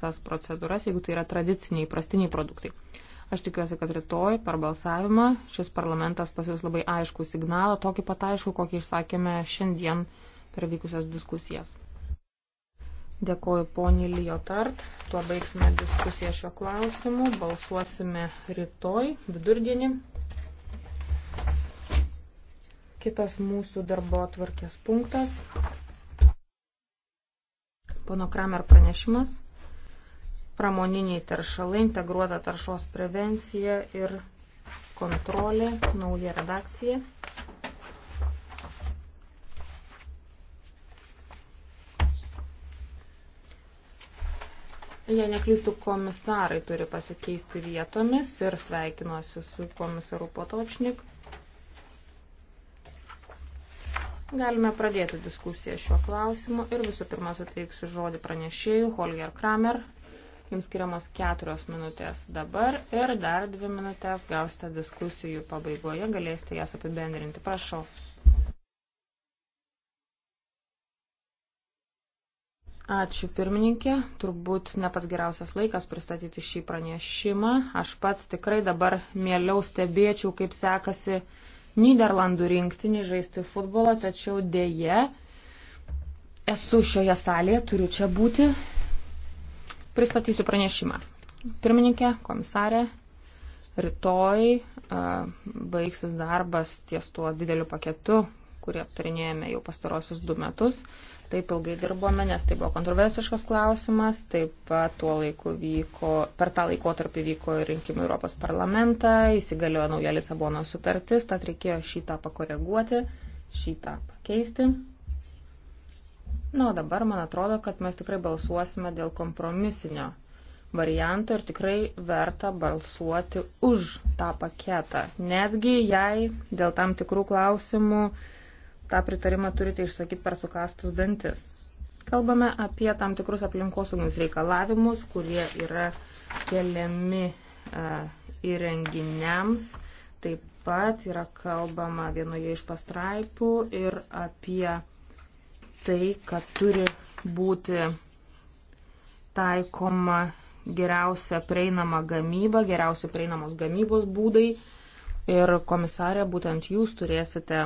visas procedūras, jeigu tai yra tradiciniai, prastiniai produktai. Aš tikiuosi, kad rytoj per balsavimą šis parlamentas pasiūs labai aišku signalą, tokį pat aišku, kokį išsakėme šiandien per vykusias diskusijas. Dėkoju poniai Liotart. Tuo baigsime diskusiją šiuo klausimu. Balsuosime rytoj vidurdienį. Kitas mūsų darbo atvarkės punktas. Pono Kramer pranešimas pramoniniai taršalai, integruota taršos prevencija ir kontrolė, nauja redakcija. Jei neklystų, komisarai turi pasikeisti vietomis ir sveikinuosi su komisaru Potočnik. Galime pradėti diskusiją šiuo klausimu ir visų pirma suteiksiu žodį pranešėjų Holger Kramer jums skiriamos keturios minutės dabar ir dar dvi minutės gausite diskusijų pabaigoje, galėsite jas apibendrinti. Prašau. Ačiū pirmininkė, turbūt ne pats geriausias laikas pristatyti šį pranešimą. Aš pats tikrai dabar mieliau stebėčiau, kaip sekasi Niderlandų rinktinį žaisti futbolą, tačiau dėje esu šioje salėje, turiu čia būti Pristatysiu pranešimą. Pirmininkė, komisarė, rytoj baigsis darbas ties tuo dideliu paketu, kurį aptarinėjame jau pastarosius du metus. Taip ilgai dirbome, nes tai buvo kontroversiškas klausimas. Taip pat tuo laiku vyko, per tą laikotarpį vyko ir rinkimai Europos parlamentą, įsigaliojo nauja Lisabono sutartis, tad reikėjo šitą pakoreguoti, šitą pakeisti. Na, o dabar man atrodo, kad mes tikrai balsuosime dėl kompromisinio varianto ir tikrai verta balsuoti už tą paketą. Netgi jei dėl tam tikrų klausimų tą pritarimą turite išsakyti per sukastus dantis. Kalbame apie tam tikrus aplinkosauginius reikalavimus, kurie yra keliami uh, įrenginiams. Taip pat yra kalbama vienoje iš pastraipų ir apie uh, tai, kad turi būti taikoma geriausia prieinama gamyba, geriausia prieinamos gamybos būdai. Ir komisarė, būtent jūs turėsite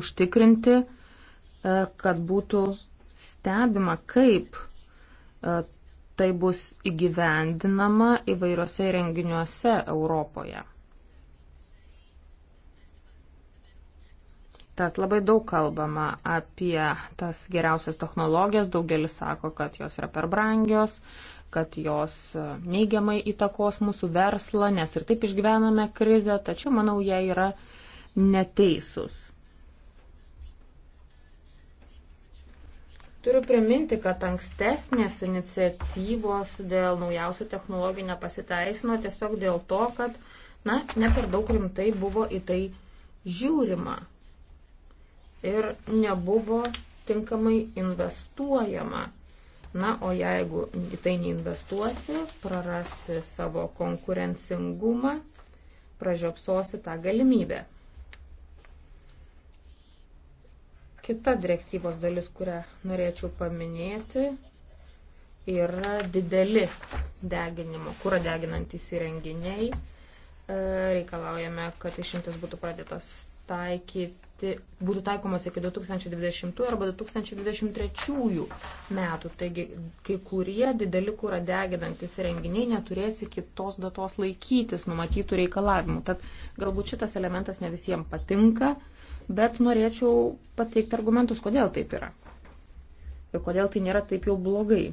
užtikrinti, e, kad būtų stebima, kaip e, tai bus įgyvendinama įvairiose renginiuose Europoje. Tad labai daug kalbama apie tas geriausias technologijas, daugelis sako, kad jos yra per brangios, kad jos e, neigiamai įtakos mūsų verslą, nes ir taip išgyvename krizę, tačiau manau, jie yra neteisūs. Turiu priminti, kad ankstesnės iniciatyvos dėl naujausių technologijų nepasiteisino tiesiog dėl to, kad na, ne per daug rimtai buvo į tai žiūrima ir nebuvo tinkamai investuojama. Na, o jeigu į tai neinvestuosi, prarasi savo konkurencingumą, pražiopsosi tą galimybę. Kita direktyvos dalis, kurią norėčiau paminėti, yra dideli deginimo, kūra deginantys įrenginiai. E, reikalaujame, kad išimtis būtų pradėtas taikyti siekti, būtų taikomos iki 2020 arba 2023 metų. Taigi kai kurie dideli kūra deginantis renginiai neturės iki tos datos laikytis numatytų reikalavimų. Tad galbūt šitas elementas ne visiems patinka, bet norėčiau pateikti argumentus, kodėl taip yra. Ir kodėl tai nėra taip jau blogai.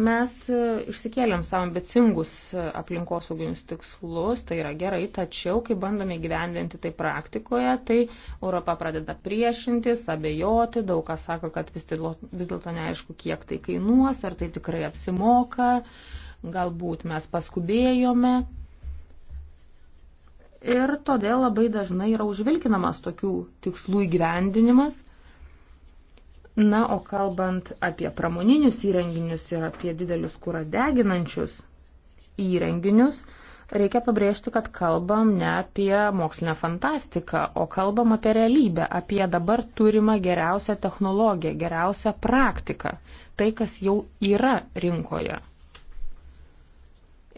Mes e, išsikėlėm savo ambicingus e, aplinkosauginius tikslus, tai yra gerai, tačiau kai bandome gyvendinti tai praktikoje, tai Europa pradeda priešintis, abejoti, daug kas sako, kad vis dėlto neaišku, kiek tai kainuos, ar tai tikrai apsimoka, galbūt mes paskubėjome. Ir todėl labai dažnai yra užvilkinamas tokių tikslų įgyvendinimas Na, o kalbant apie pramoninius įrenginius ir apie didelius kūrą deginančius įrenginius, reikia pabrėžti, kad kalbam ne apie mokslinę fantastiką, o kalbam apie realybę, apie dabar turimą geriausią technologiją, geriausią praktiką, tai, kas jau yra rinkoje.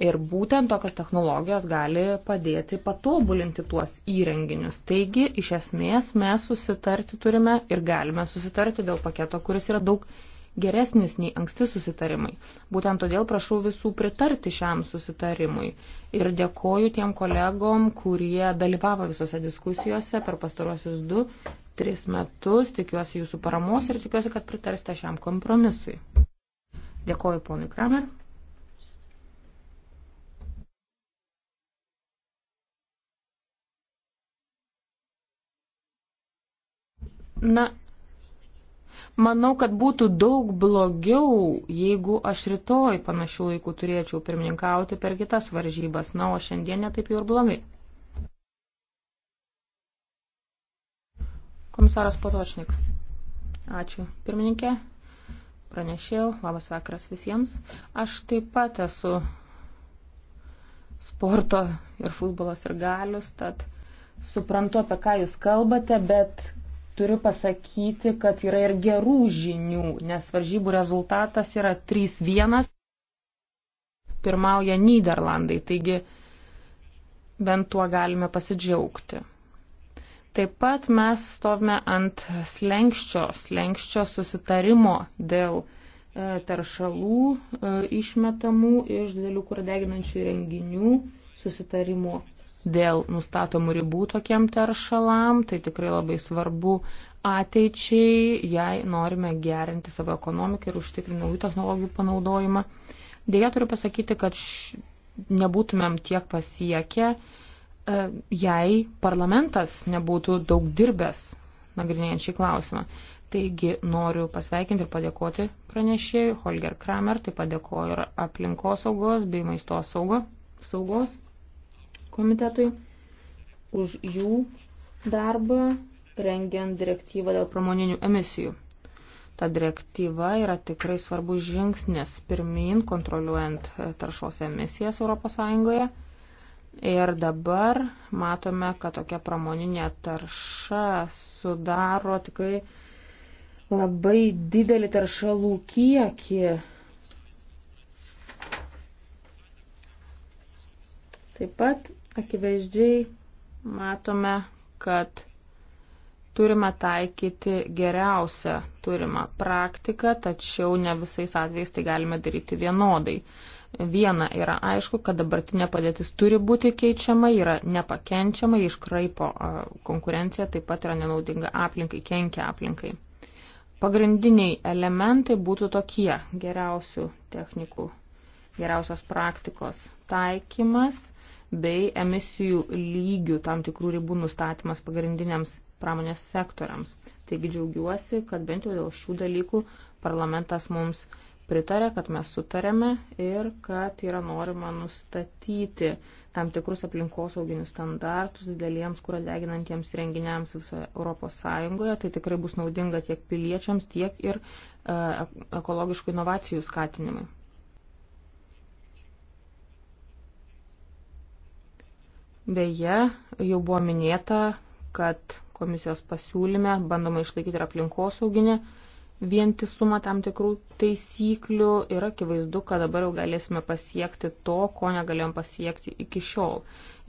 Ir būtent tokios technologijos gali padėti patobulinti tuos įrenginius. Taigi, iš esmės, mes susitarti turime ir galime susitarti dėl paketo, kuris yra daug geresnis nei anksti susitarimai. Būtent todėl prašau visų pritarti šiam susitarimui. Ir dėkoju tiem kolegom, kurie dalyvavo visose diskusijose per pastaruosius du, tris metus. Tikiuosi jūsų paramos ir tikiuosi, kad pritarsite šiam kompromisui. Dėkoju ponui Kramer. Na, manau, kad būtų daug blogiau, jeigu aš rytoj panašių laikų turėčiau pirmininkauti per kitas varžybas, na, o šiandien netaip jau ir blogai. Komisaras Patočnik. Ačiū. Pirmininkė, pranešėjau, labas vakaras visiems. Aš taip pat esu sporto ir futbolos ir galius, tad suprantu, apie ką jūs kalbate, bet turiu pasakyti, kad yra ir gerų žinių, nes varžybų rezultatas yra 3-1. Pirmauja Niderlandai, taigi bent tuo galime pasidžiaugti. Taip pat mes stovime ant slengščio, slengščio susitarimo dėl e, taršalų e, išmetamų iš didelių kurdeginančių renginių susitarimo dėl nustatomų ribų tokiem teršalam, tai tikrai labai svarbu ateičiai, jei norime gerinti savo ekonomiką ir užtikrinti naujų technologijų panaudojimą. Deja, turiu pasakyti, kad š... nebūtumėm tiek pasiekę, e, jei parlamentas nebūtų daug dirbęs nagrinėjant šį klausimą. Taigi noriu pasveikinti ir padėkoti pranešėjui Holger Kramer, taip pat dėkoju ir aplinkosaugos bei maisto saugo, saugos komitetui už jų darbą rengiant direktyvą dėl pramoninių emisijų. Ta direktyva yra tikrai svarbus žingsnis pirmin kontroliuojant e, taršos emisijas ES. Ir dabar matome, kad tokia pramoninė tarša sudaro tikrai labai didelį taršalų kiekį. Taip pat akivaizdžiai matome, kad turime taikyti geriausią turimą praktiką, tačiau ne visais atvejais tai galime daryti vienodai. Viena yra aišku, kad dabartinė padėtis turi būti keičiama, yra nepakenčiama, iškraipo konkurencija, taip pat yra nenaudinga aplinkai, kenkia aplinkai. Pagrindiniai elementai būtų tokie geriausių technikų, geriausios praktikos taikymas – bei emisijų lygių tam tikrų ribų nustatymas pagrindiniams pramonės sektoriams. Taigi džiaugiuosi, kad bent jau dėl šių dalykų parlamentas mums pritarė, kad mes sutarėme ir kad yra norima nustatyti tam tikrus aplinkosauginius standartus dideliems kūro deginantiems renginiams visoje Europos Sąjungoje. Tai tikrai bus naudinga tiek piliečiams, tiek ir e, ekologiškų inovacijų skatinimui. Beje, jau buvo minėta, kad komisijos pasiūlyme bandoma išlaikyti ir aplinkosauginį vientisumą tam tikrų taisyklių ir akivaizdu, kad dabar jau galėsime pasiekti to, ko negalėjom pasiekti iki šiol.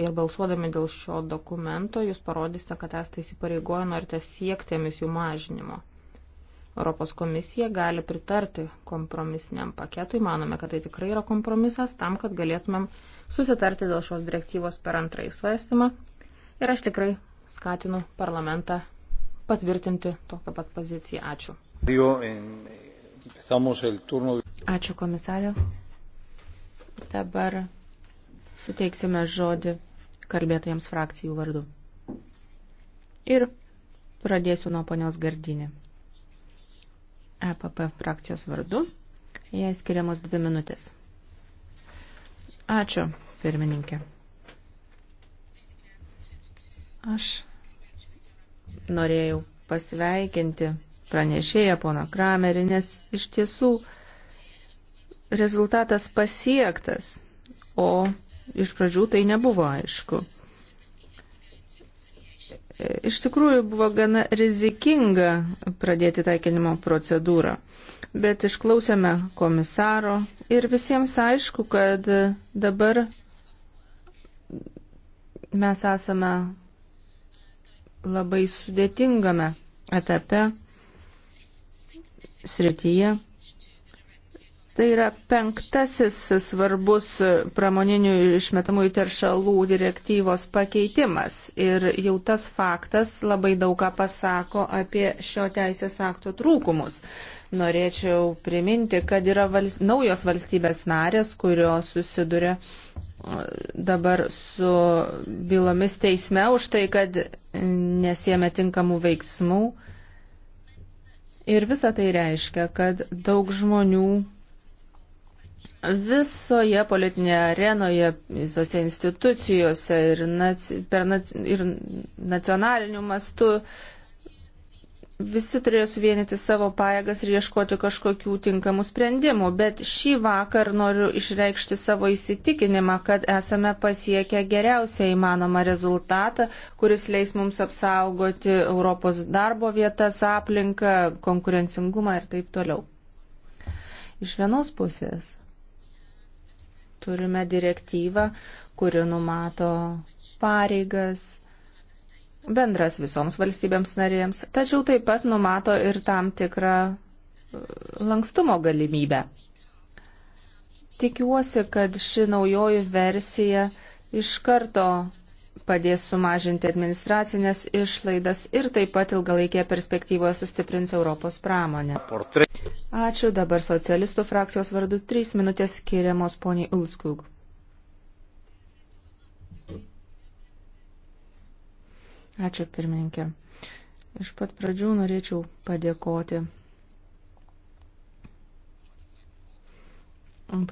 Ir balsuodami dėl šio dokumento jūs parodysite, kad esate įsipareigoję norite siekti emisijų mažinimo. Europos komisija gali pritarti kompromisiniam paketui, manome, kad tai tikrai yra kompromisas tam, kad galėtumėm susitarti dėl šios direktyvos per antrąjį svarstymą ir aš tikrai skatinu parlamentą patvirtinti tokią pat poziciją. Ačiū. Ačiū komisario. Dabar suteiksime žodį kalbėtojams frakcijų vardu. Ir pradėsiu nuo ponios Gardinė. EPP frakcijos vardu. Jai skiriamos dvi minutės. Ačiū, pirmininkė. Aš norėjau pasveikinti pranešėją poną Kramerį, nes iš tiesų rezultatas pasiektas, o iš pradžių tai nebuvo aišku. Iš tikrųjų buvo gana rizikinga pradėti taikinimo procedūrą, bet išklausėme komisaro ir visiems aišku, kad dabar mes esame labai sudėtingame etape, srityje. Tai yra penktasis svarbus pramoninių išmetamųjų teršalų direktyvos pakeitimas ir jau tas faktas labai daug ką pasako apie šio teisės akto trūkumus. Norėčiau priminti, kad yra vals naujos valstybės narės, kurios susiduria uh, dabar su bylomis teisme už tai, kad nesėmė tinkamų veiksmų. Ir visa tai reiškia, kad daug žmonių visoje politinėje arenoje, visose institucijose ir, naci, per, nac, ir nacionaliniu mastu Visi turėjo suvienyti savo pajėgas ir ieškoti kažkokių tinkamų sprendimų, bet šį vakar noriu išreikšti savo įsitikinimą, kad esame pasiekę geriausią įmanomą rezultatą, kuris leis mums apsaugoti Europos darbo vietas, aplinką, konkurencingumą ir taip toliau. Iš vienos pusės turime direktyvą, kuri numato pareigas bendras visoms valstybėms narėms, tačiau taip pat numato ir tam tikrą e, lankstumo galimybę. Tikiuosi, kad ši naujoji versija iš karto padės sumažinti administracinės išlaidas ir taip pat ilgalaikėje perspektyvoje sustiprins Europos pramonę. Ačiū dabar socialistų frakcijos vardu. Trys minutės skiriamos poniai Ulskug. Ačiū pirmininkė. Iš pat pradžių norėčiau padėkoti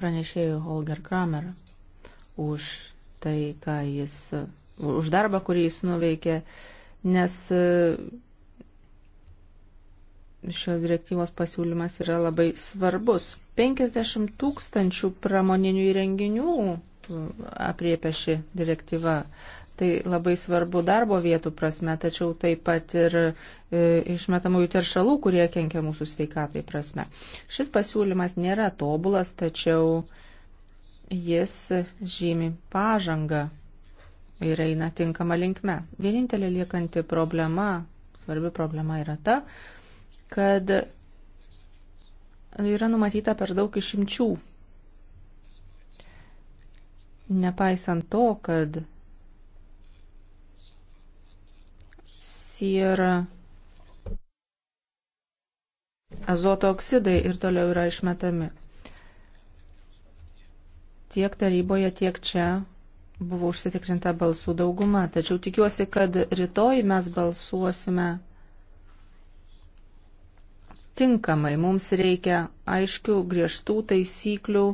pranešėjui Holger Kramer už tai, ką jis, už darbą, kurį jis nuveikė, nes e, šios direktyvos pasiūlymas yra labai svarbus. 50 tūkstančių pramoninių įrenginių apriepia ši direktyva. Tai labai svarbu darbo vietų prasme, tačiau taip pat ir e, išmetamųjų teršalų, kurie kenkia mūsų sveikatai prasme. Šis pasiūlymas nėra tobulas, tačiau jis žymi pažangą ir eina tinkama linkme. Vienintelė liekanti problema, svarbi problema yra ta, kad yra numatyta per daug išimčių. Nepaisant to, kad ir azoto oksidai ir toliau yra išmetami. Tiek taryboje, tiek čia buvo užsitikrinta balsų dauguma, tačiau tikiuosi, kad rytoj mes balsuosime tinkamai. Mums reikia aiškių, griežtų taisyklių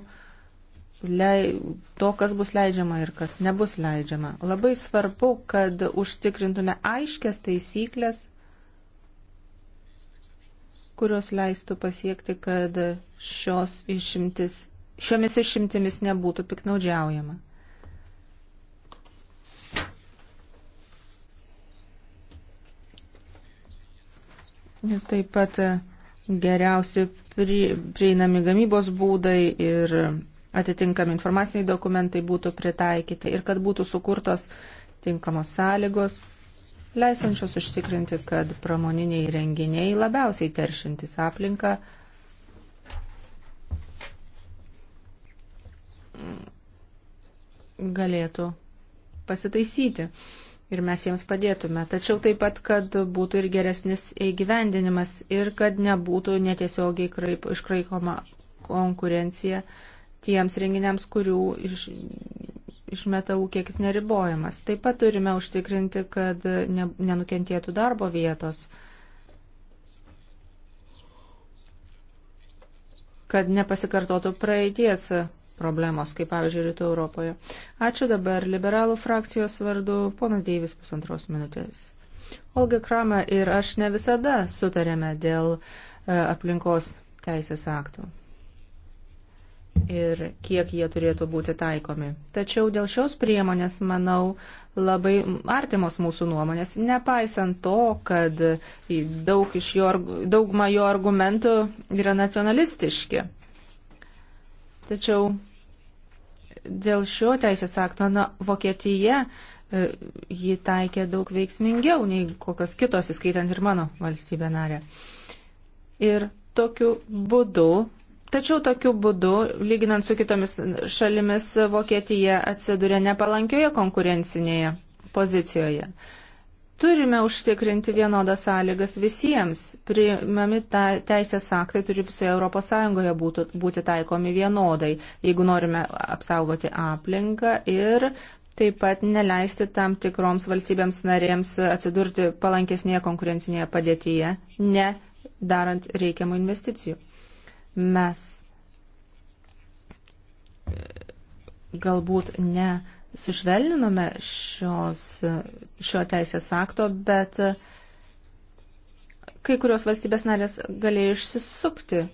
lei, to, kas bus leidžiama ir kas nebus leidžiama. Labai svarbu, kad užtikrintume aiškias taisyklės, kurios leistų pasiekti, kad šios išimtis, šiomis išimtimis nebūtų piknaudžiaujama. Ir taip pat geriausi prieinami gamybos būdai ir atitinkami informaciniai dokumentai būtų pritaikyti ir kad būtų sukurtos tinkamos sąlygos, leisančios užtikrinti, kad pramoniniai renginiai labiausiai teršintis aplinką galėtų pasitaisyti ir mes jiems padėtume. Tačiau taip pat, kad būtų ir geresnis įgyvendinimas ir kad nebūtų netiesiogiai iškraikoma konkurencija tiems renginiams, kurių iš, iš metalų kiekis neribojamas. Taip pat turime užtikrinti, kad ne, nenukentėtų darbo vietos, kad nepasikartotų praeities problemos, kaip pavyzdžiui, Rytų Europoje. Ačiū dabar liberalų frakcijos vardu, ponas Deivis pusantros minutės. Olga Krama ir aš ne visada sutarėme dėl e, aplinkos teisės aktų ir kiek jie turėtų būti taikomi. Tačiau dėl šios priemonės, manau, labai artimos mūsų nuomonės, nepaisant to, kad daug jo, daugma jo argumentų yra nacionalistiški. Tačiau dėl šio teisės akto, na, Vokietija e, jį taikė daug veiksmingiau nei kokios kitos, įskaitant ir mano valstybę narę. Ir tokiu būdu Tačiau tokiu būdu, lyginant su kitomis šalimis, Vokietija atsiduria nepalankioje konkurencinėje pozicijoje. Turime užtikrinti vienodas sąlygas visiems. Priimami ta, teisės aktai turi visoje ES būtų, būti taikomi vienodai, jeigu norime apsaugoti aplinką ir taip pat neleisti tam tikroms valstybėms narėms atsidurti palankesnėje konkurencinėje padėtyje, ne darant reikiamų investicijų mes e, galbūt ne sušvelninome šios, šio teisės akto, bet e, kai kurios valstybės narės galėjo išsisukti.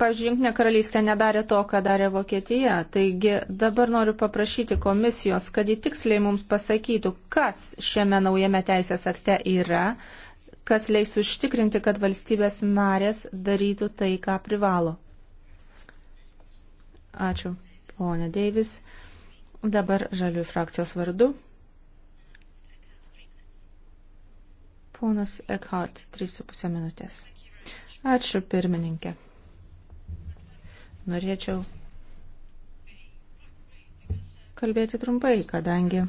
Pavyzdžiui, Junktinė karalystė nedarė to, ką darė Vokietija. Taigi dabar noriu paprašyti komisijos, kad ji tiksliai mums pasakytų, kas šiame naujame teisės akte yra, kas leis užtikrinti, kad valstybės narės darytų tai, ką privalo. Ačiū, ponė Deivis. Dabar žalių frakcijos vardu. Ponas Eckhart, 3,5 minutės. Ačiū, pirmininkė. Norėčiau kalbėti trumpai, kadangi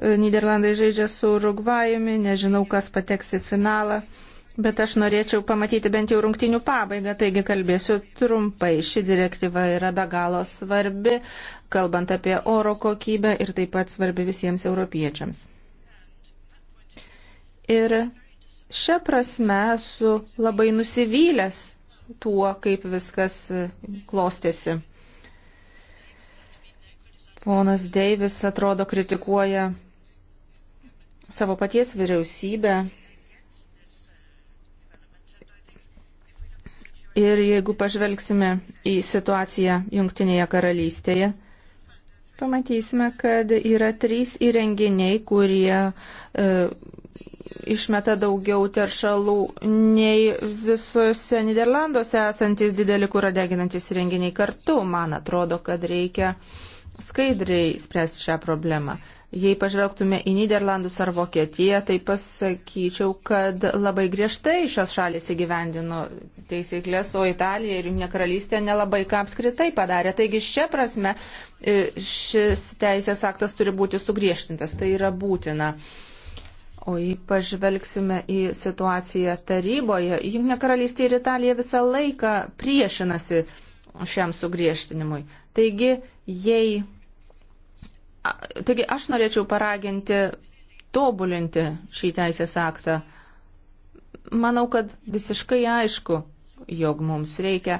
Niderlandai žaidžia su Urugvajumi, nežinau, kas pateks į finalą. Bet aš norėčiau pamatyti bent jau rungtinių pabaigą, taigi kalbėsiu trumpai. Ši direktyva yra be galo svarbi, kalbant apie oro kokybę ir taip pat svarbi visiems europiečiams. Ir šią prasme esu labai nusivylęs tuo, kaip viskas klostėsi. Ponas Deivis atrodo kritikuoja savo paties vyriausybę. Ir jeigu pažvelgsime į situaciją Junktinėje karalystėje, pamatysime, kad yra trys įrenginiai, kurie e, išmeta daugiau teršalų nei visose Niderlanduose esantis dideli kūro deginantis įrenginiai kartu. Man atrodo, kad reikia skaidriai spręsti šią problemą. Jei pažvelgtume į Niderlandus ar Vokietiją, tai pasakyčiau, kad labai griežtai šios šalis įgyvendino teisiklės, o Italija ir Junė karalystė nelabai ką apskritai padarė. Taigi šia prasme e, šis teisės aktas turi būti sugriežtintas, tai yra būtina. O jei pažvelgsime į situaciją taryboje, Junė karalystė ir Italija visą laiką priešinasi šiam sugriežtinimui. Taigi, jei Taigi aš norėčiau paraginti tobulinti šį teisės aktą. Manau, kad visiškai aišku, jog mums reikia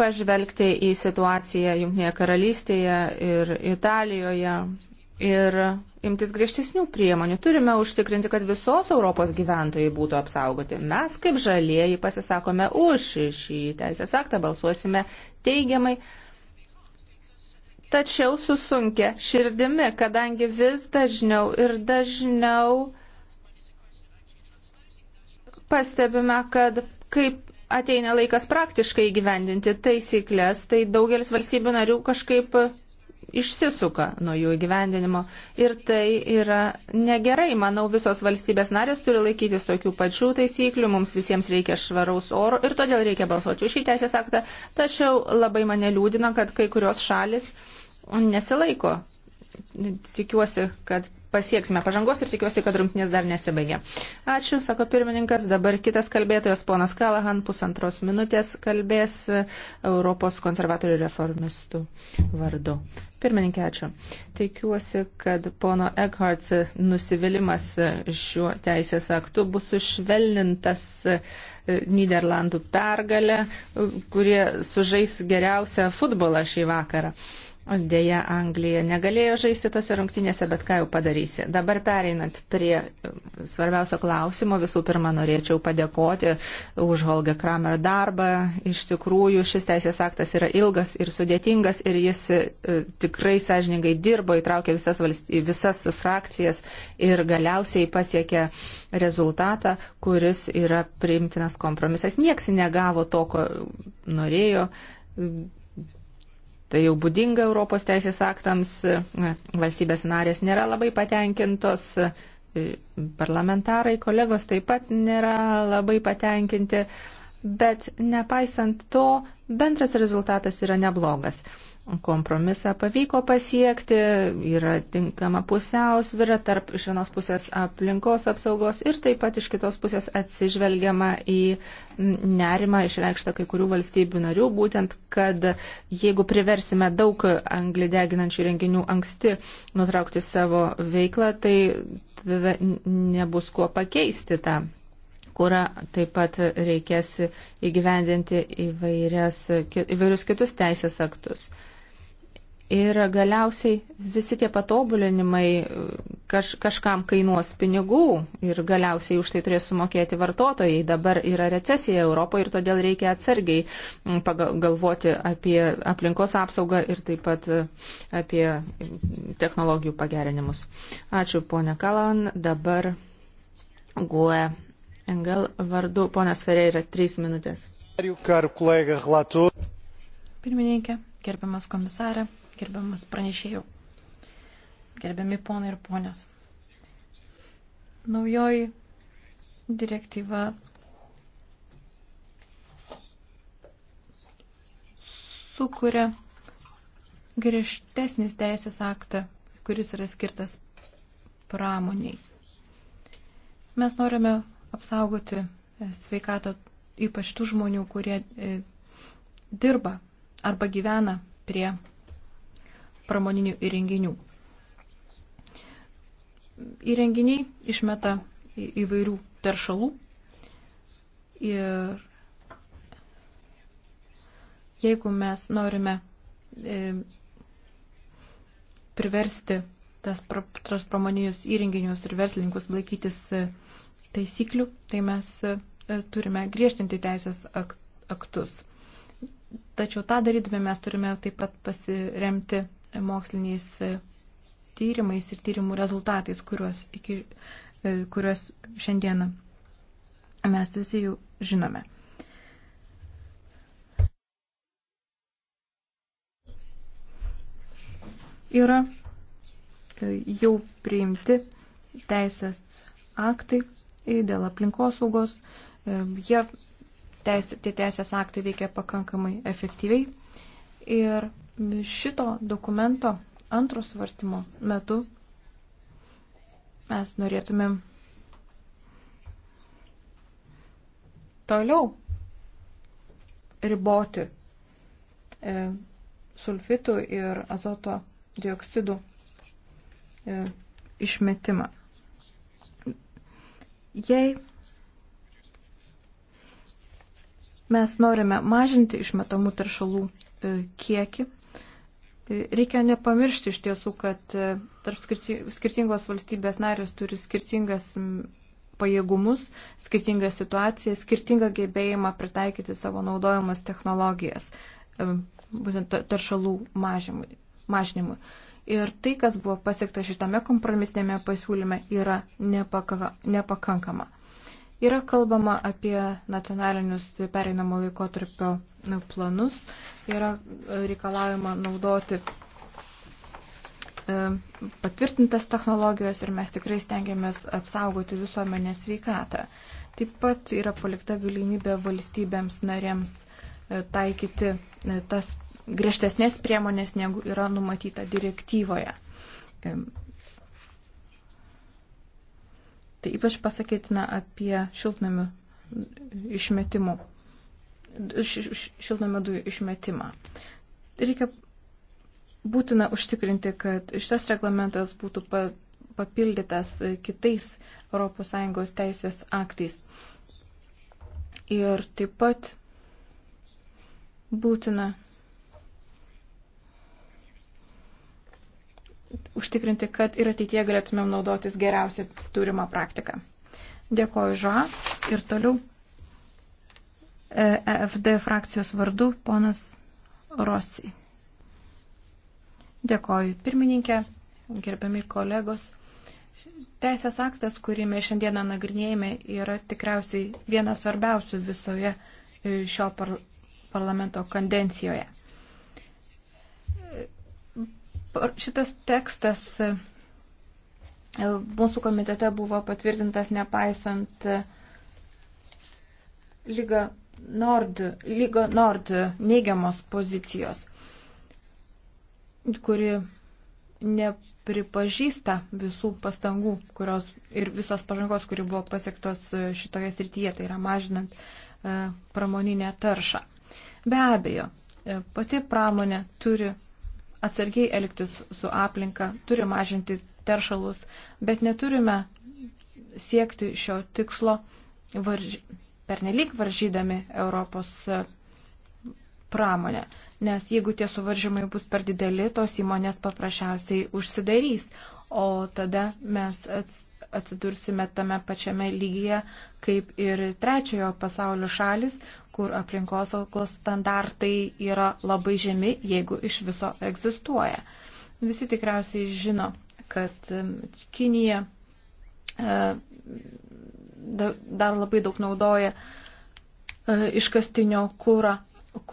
pažvelgti į situaciją Junktinėje karalystėje ir Italijoje ir imtis griežtesnių priemonių. Turime užtikrinti, kad visos Europos gyventojai būtų apsaugoti. Mes kaip žalieji pasisakome už šį teisės aktą, balsuosime teigiamai tačiau susunkia širdimi, kadangi vis dažniau ir dažniau pastebime, kad kaip ateina laikas praktiškai gyvendinti taisyklės, tai daugelis valstybių narių kažkaip išsisuka nuo jų įgyvendinimo. Ir tai yra negerai. Manau, visos valstybės narės turi laikytis tokių pačių taisyklių, mums visiems reikia švaraus oro ir todėl reikia balsuoti už šį teisės aktą. Tačiau labai mane liūdina, kad kai kurios šalis nesilaiko. Tikiuosi, kad pasieksime pažangos ir tikiuosi, kad rungtynės dar nesibaigia. Ačiū, sako pirmininkas. Dabar kitas kalbėtojas, ponas Kalahan, pusantros minutės kalbės Europos konservatorių reformistų vardu. Pirmininkė, ačiū. Tikiuosi, kad pono Eckharts nusivylimas šiuo teisės aktu bus sušvelnintas e, Niderlandų pergalę, kurie sužais geriausią futbolą šį vakarą. Dėja, Anglija negalėjo žaisti tose rungtynėse, bet ką jau padarysi. Dabar pereinant prie e, svarbiausio klausimo, visų pirma, norėčiau padėkoti už Holge Kramer darbą. Iš tikrųjų, šis teisės aktas yra ilgas ir sudėtingas ir jis e, tikrai sąžiningai dirbo, įtraukė visas, valsty, visas frakcijas ir galiausiai pasiekė rezultatą, kuris yra priimtinas kompromisas. Niekas negavo to, ko norėjo Tai jau būdinga Europos teisės aktams, valstybės narės nėra labai patenkintos, parlamentarai, kolegos taip pat nėra labai patenkinti, bet nepaisant to, bendras rezultatas yra neblogas kompromisą pavyko pasiekti, yra tinkama pusiausvyrą tarp iš vienos pusės aplinkos apsaugos ir taip pat iš kitos pusės atsižvelgiama į nerimą išreikštą kai kurių valstybių narių, būtent, kad jeigu priversime daug anglį deginančių renginių anksti nutraukti savo veiklą, tai tada nebus kuo pakeisti tą kurą taip pat reikės įgyvendinti įvairias, įvairius kitus teisės aktus. Ir galiausiai visi tie patobulinimai e, kaž, kažkam kainuos pinigų ir galiausiai už tai turės sumokėti vartotojai. Dabar yra recesija Europoje ir todėl reikia atsargiai galvoti apie aplinkos apsaugą ir taip pat e, apie technologijų pagerinimus. Ačiū, ponia Kalan. Dabar guoja Engel vardu. Ponas Ferė yra trys minutės. Pirmininkė, gerbiamas komisarė gerbiamas pranešėjau, gerbiami ponai ir ponios. Naujoji direktyva sukuria griežtesnis teisės aktą, kuris yra skirtas pramoniai. Mes norime apsaugoti e, sveikatą ypač tų žmonių, kurie e, dirba arba gyvena prie pramoninių įrenginių. Įrenginiai išmeta įvairių teršalų ir jeigu mes norime e, priversti tas pramoninius įrenginius ir verslininkus laikytis e, taisyklių, tai mes e, turime griežtinti teisės aktus. Tačiau tą darydami mes turime taip pat pasiremti moksliniais e, tyrimais ir tyrimų rezultatais, kuriuos, iki, e, kuriuos šiandien mes visi jau žinome. Yra e, jau priimti teisės aktai dėl aplinkosaugos. Jie teisė, tie teisės aktai veikia pakankamai efektyviai ir šito dokumento antro svarstymo metu mes norėtumėm toliau riboti e, sulfitų ir azoto dioksidų e, išmetimą. Jei mes norime mažinti išmetamų teršalų e, kiekį, Reikia nepamiršti iš tiesų, kad e, tarp skirtingos valstybės narės turi skirtingas pajėgumus, skirtingą situaciją, skirtingą gebėjimą pritaikyti savo naudojamas technologijas, e, būtent taršalų mažinimui. Ir tai, kas buvo pasiekta šitame kompromisinėme pasiūlyme, yra nepaka, nepakankama. Yra kalbama apie nacionalinius pereinamo laikotarpio planus, yra e, reikalaujama naudoti e, patvirtintas technologijos ir mes tikrai stengiamės apsaugoti visuomenės sveikatą. Taip pat yra palikta galimybė valstybėms narėms e, taikyti tas griežtesnės priemonės, negu yra numatyta direktyvoje. Tai ypač pasakytina apie šiltnamių išmetimų, šiltnamių dujų išmetimą. Reikia būtina užtikrinti, kad šitas reglamentas būtų papildytas kitais ES teisės aktais. Ir taip pat būtina užtikrinti, kad ir ateitie galėtumėm naudotis geriausią turimą praktiką. Dėkoju Ža ir toliau EFD e frakcijos vardu ponas Rossi. Dėkoju pirmininkė, gerbiami kolegos. Teisės aktas, kurį mes šiandieną nagrinėjame, yra tikriausiai vienas svarbiausių visoje e, šio par parlamento kandencijoje. Šitas tekstas e, e, mūsų komitete buvo patvirtintas nepaisant e, lyga Nord, lyga Nord neigiamos pozicijos, kuri nepripažįsta visų pastangų kurios, ir visos pažangos, kuri buvo pasiektos šitoje srityje, tai yra mažinant pramoninę taršą. Be abejo, pati pramonė turi atsargiai elgtis su aplinka, turi mažinti teršalus, bet neturime siekti šio tikslo varž... pernelyg varžydami Europos e, pramonę. Nes jeigu tie suvaržymai bus per dideli, tos įmonės paprasčiausiai užsidarys, o tada mes atsitikime atsidursime tame pačiame lygyje kaip ir trečiojo pasaulio šalis, kur aplinkosaugos standartai yra labai žemi, jeigu iš viso egzistuoja. Visi tikriausiai žino, kad um, Kinija e, dar labai daug naudoja e, iškastinio kūro,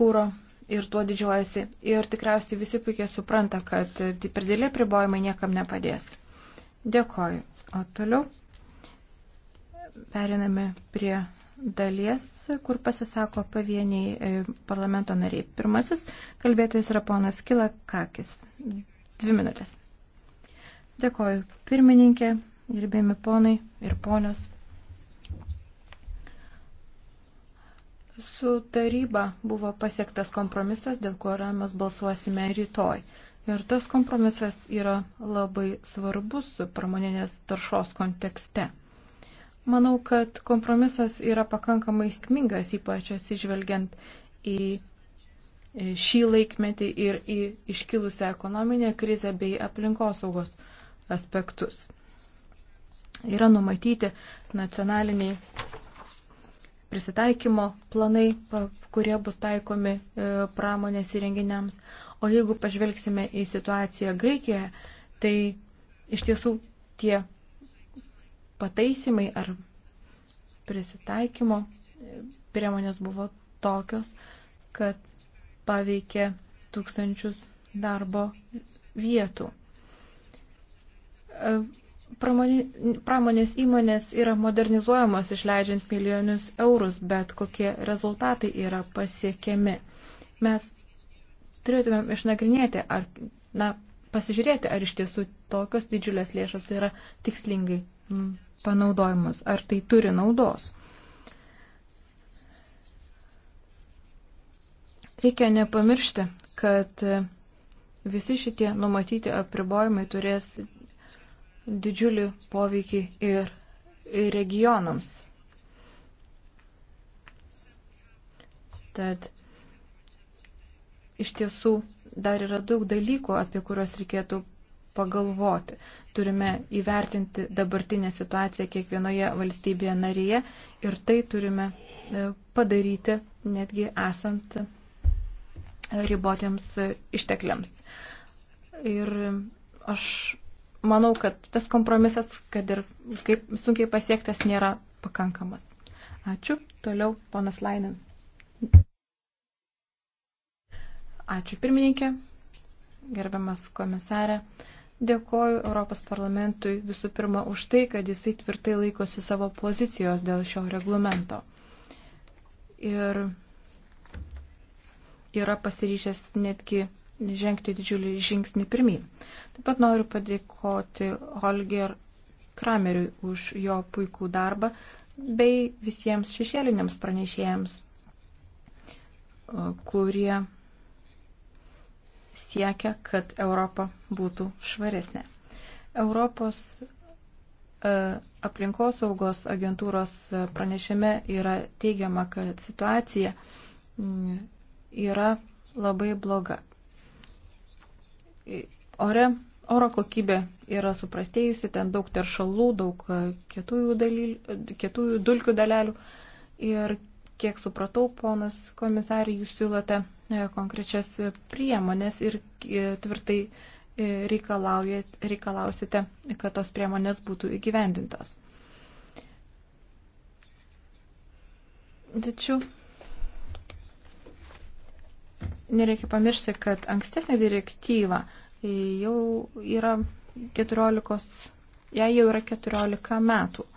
kūro ir tuo didžiuojasi. Ir tikriausiai visi puikiai supranta, kad e, per dėlė pribojimai niekam nepadės. Dėkoju. O toliau periname prie dalies, kur pasisako pavieniai e, parlamento nariai. Pirmasis kalbėtojas yra ponas Kila Kakis. Dvi minutės. Dėkoju pirmininkė, gerbėjami ponai ir ponios. Su taryba buvo pasiektas kompromisas, dėl kurio mes balsuosime rytoj. Ir tas kompromisas yra labai svarbus pramoninės taršos kontekste. Manau, kad kompromisas yra pakankamai skmingas, ypač atsižvelgiant į šį laikmetį ir į iškilusią ekonominę krizę bei aplinkosaugos aspektus. Yra numatyti nacionaliniai prisitaikymo planai, kurie bus taikomi e, pramonės įrenginiams, O jeigu pažvelgsime į situaciją Graikijoje, tai iš tiesų tie pataisimai ar prisitaikymo priemonės buvo tokios, kad paveikė tūkstančius darbo vietų. Pramonės įmonės yra modernizuojamos išleidžiant milijonus eurus, bet kokie rezultatai yra pasiekiami. Mes turėtumėm išnagrinėti, ar, na, pasižiūrėti, ar iš tiesų tokios didžiulės lėšos yra tikslingai m, panaudojimus, ar tai turi naudos. Reikia nepamiršti, kad e, visi šitie numatyti apribojimai turės didžiulį poveikį ir regionams. Tad Iš tiesų, dar yra daug dalykų, apie kuriuos reikėtų pagalvoti. Turime įvertinti dabartinę situaciją kiekvienoje valstybėje narėje ir tai turime e, padaryti netgi esant e, ribotiems e, ištekliams. Ir aš manau, kad tas kompromisas, kad ir kaip sunkiai pasiektas, nėra pakankamas. Ačiū. Toliau ponas Lainin. Ačiū pirmininkė, gerbiamas komisarė. Dėkoju Europos parlamentui visų pirma už tai, kad jisai tvirtai laikosi savo pozicijos dėl šio reglamento. Ir yra pasiryžęs netgi žengti didžiulį žingsnį pirmin. Taip pat noriu padėkoti Holger Krameriui už jo puikų darbą bei visiems šešėliniams pranešėjams, kurie siekia, kad Europa būtų švaresnė. Europos e, aplinkosaugos agentūros pranešime yra teigiama, kad situacija mm, yra labai bloga. Ore, oro kokybė yra suprastėjusi, ten daug teršalų, daug kietųjų, dalyl, kietųjų dulkių dalelių. Ir kiek supratau, ponas komisarį, jūs siūlote E, konkrečias priemonės ir e, tvirtai e, reikalausite, kad tos priemonės būtų įgyvendintos. Tačiau nereikia pamiršti, kad ankstesnė direktyva jau yra 14, jai jau yra 14 metų.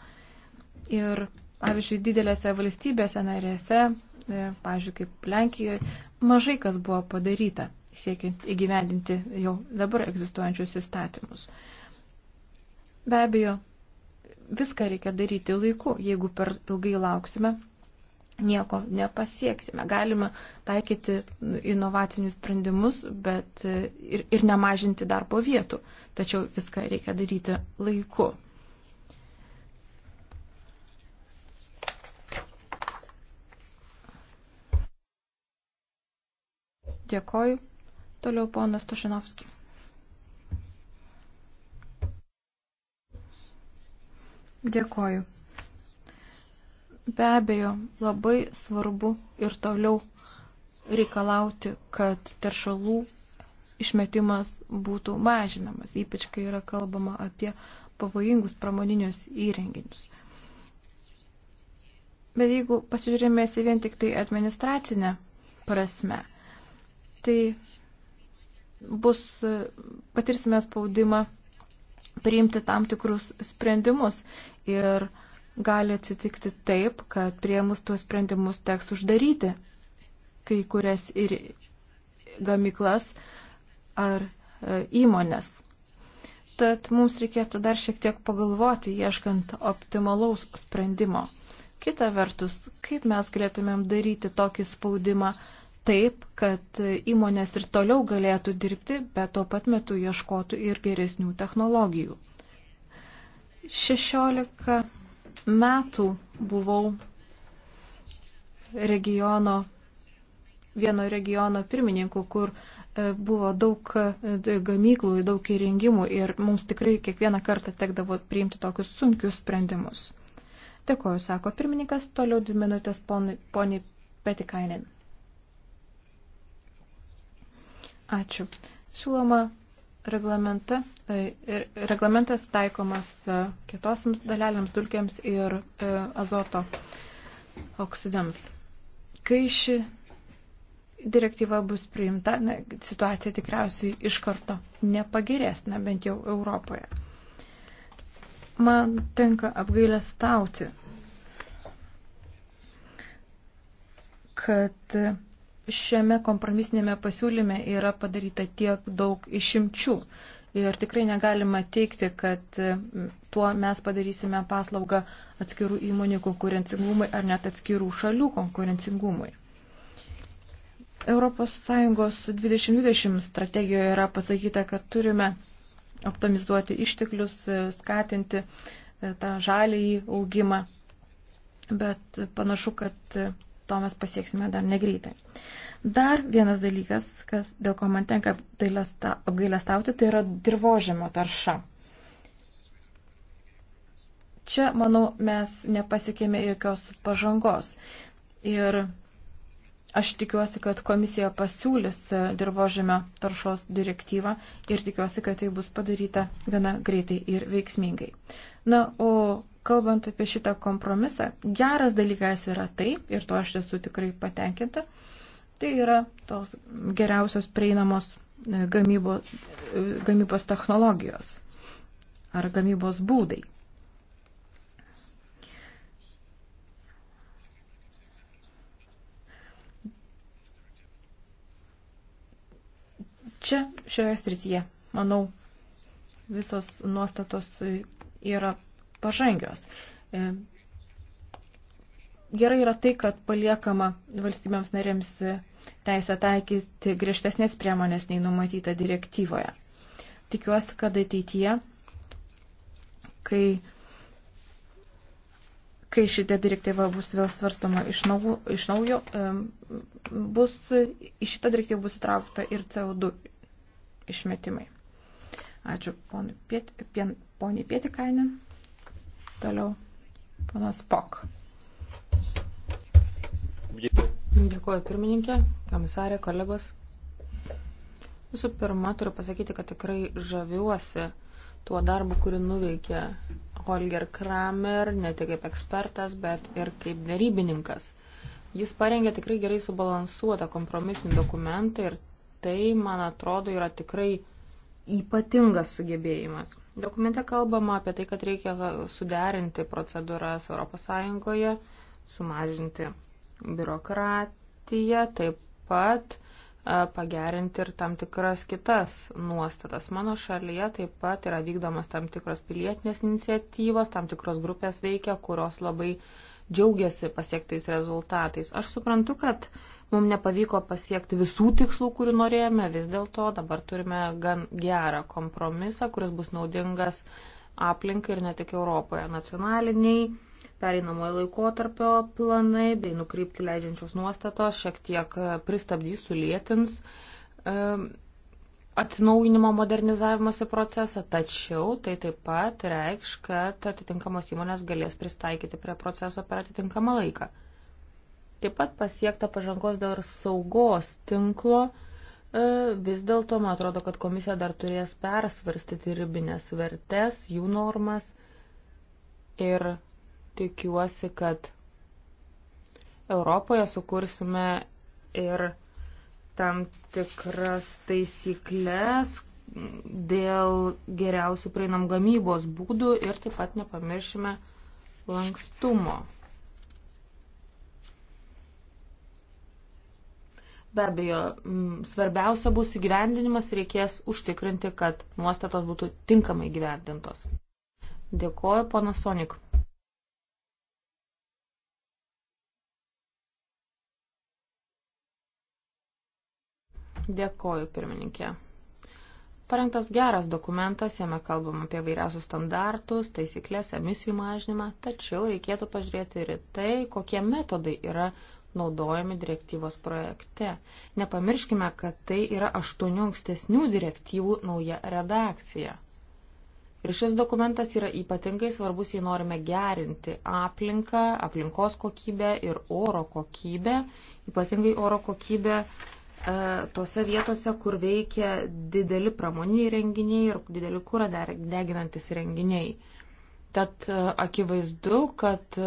Ir, pavyzdžiui, didelėse valstybėse narėse E, pažiūrėjau, kaip Lenkijoje, mažai kas buvo padaryta, siekiant įgyvendinti jau dabar egzistuojančius įstatymus. Be abejo, viską reikia daryti laiku, jeigu per ilgai lauksime, nieko nepasieksime. Galima taikyti inovacinius sprendimus, bet e, ir, ir nemažinti darbo vietų, tačiau viską reikia daryti laiku. Dėkoju. Toliau ponas Tošinovski. Dėkoju. Be abejo, labai svarbu ir toliau reikalauti, kad teršalų išmetimas būtų mažinamas, ypač kai yra kalbama apie pavojingus pramoninius įrenginius. Bet jeigu pasižiūrėmės į vien tik tai administracinę prasme, tai bus, patirsime spaudimą priimti tam tikrus sprendimus ir gali atsitikti taip, kad prieimus tuos sprendimus teks uždaryti kai kurias ir gamyklas ar e, įmonės. Tad mums reikėtų dar šiek tiek pagalvoti, ieškant optimalaus sprendimo. Kita vertus, kaip mes galėtumėm daryti tokį spaudimą taip, kad įmonės ir toliau galėtų dirbti, bet tuo pat metu ieškotų ir geresnių technologijų. 16 metų buvau regiono, vieno regiono pirmininku, kur e, buvo daug e, gamyklų, daug įrengimų ir mums tikrai kiekvieną kartą tekdavo priimti tokius sunkius sprendimus. Dėkoju, sako pirmininkas, toliau dvi minutės poniai Petikainėn. Ačiū. Siūloma reglamenta, e, reglamentas taikomas e, kietosiams dalelėms, dulkėms ir e, azoto oksidams. Kai ši direktyva bus priimta, na, situacija tikriausiai iš karto nepagerės, na, bent jau Europoje. Man tenka apgailę stauti, kad šiame kompromisinėme pasiūlyme yra padaryta tiek daug išimčių. Ir tikrai negalima teikti, kad tuo mes padarysime paslaugą atskirų įmonių konkurencingumui ar net atskirų šalių konkurencingumui. ES 2020 strategijoje yra pasakyta, kad turime optimizuoti išteklius, e, skatinti e, tą žalį augimą, bet panašu, kad e, to mes pasieksime dar negreitai. Dar vienas dalykas, kas, dėl ko man tenka apgailestauti, tai yra dirbožėmo tarša. Čia, manau, mes nepasiekėme jokios pažangos. Ir aš tikiuosi, kad komisija pasiūlys dirbožėmio taršos direktyvą ir tikiuosi, kad tai bus padaryta gana greitai ir veiksmingai. Na, o kalbant apie šitą kompromisą, geras dalykas yra tai, ir to aš esu tikrai patenkinta, tai yra tos geriausios prieinamos e, gamybo, e, gamybos technologijos ar gamybos būdai. Čia šioje srityje, manau, visos nuostatos e, yra pažangios. E, gerai yra tai, kad paliekama valstybėms narėms teisę taikyti griežtesnės priemonės nei numatyta direktyvoje. Tikiuosi, kad ateityje, kai, kai šitą direktyvą bus vėl svarstama iš, naujo, iš naujo, e, bus, į šitą direktyvą bus įtraukta ir CO2 išmetimai. Ačiū poniai Pietikainen. Toliau panas Pok. Dėkuoju pirmininkė, komisarė, kolegos. Visų pirma, turiu pasakyti, kad tikrai žaviuosi tuo darbu, kurį nuveikė Holger Kramer, ne tik kaip ekspertas, bet ir kaip darybininkas. Jis parengė tikrai gerai subalansuotą kompromisinį dokumentą ir tai, man atrodo, yra tikrai ypatingas sugebėjimas. Dokumente kalbama apie tai, kad reikia suderinti procedūras ES, sumažinti biurokratiją, taip pat e, pagerinti ir tam tikras kitas nuostatas. Mano šalyje taip pat yra vykdomas tam tikros pilietinės iniciatyvos, tam tikros grupės veikia, kurios labai džiaugiasi pasiektais rezultatais. Aš suprantu, kad Mums nepavyko pasiekti visų tikslų, kurių norėjome, vis dėlto dabar turime gan gerą kompromisą, kuris bus naudingas aplinkai ir ne tik Europoje. Nacionaliniai pereinamojo laikotarpio planai bei nukrypti leidžiančios nuostatos šiek tiek pristabdys, sulėtins e, atsinaujinimo modernizavimosi procesą, tačiau tai taip pat reikš, kad atitinkamos įmonės galės pristaikyti prie proceso per atitinkamą laiką. Taip pat pasiekta pažangos dėl saugos tinklo. E, vis dėlto, man atrodo, kad komisija dar turės persvarstyti ribinės vertės, jų normas ir tikiuosi, kad Europoje sukursime ir tam tikras taisyklės dėl geriausių prieinam gamybos būdų ir taip pat nepamiršime lankstumo. Be abejo, svarbiausia bus įgyvendinimas, reikės užtikrinti, kad nuostatos būtų tinkamai gyvendintos. Dėkoju, ponas Sonik. Dėkoju, pirmininkė. Parengtas geras dokumentas, jame kalbam apie vairiausius standartus, taisyklės, emisijų mažinimą, tačiau reikėtų pažiūrėti ir tai, kokie metodai yra naudojami direktyvos projekte. Nepamirškime, kad tai yra aštuonių ankstesnių direktyvų nauja redakcija. Ir šis dokumentas yra ypatingai svarbus, jei norime gerinti aplinką, aplinkos kokybę ir oro kokybę, ypatingai oro kokybę e, tose vietose, kur veikia dideli pramoniniai renginiai ir dideli kūrą deginantis renginiai. Tad e, akivaizdu, kad e,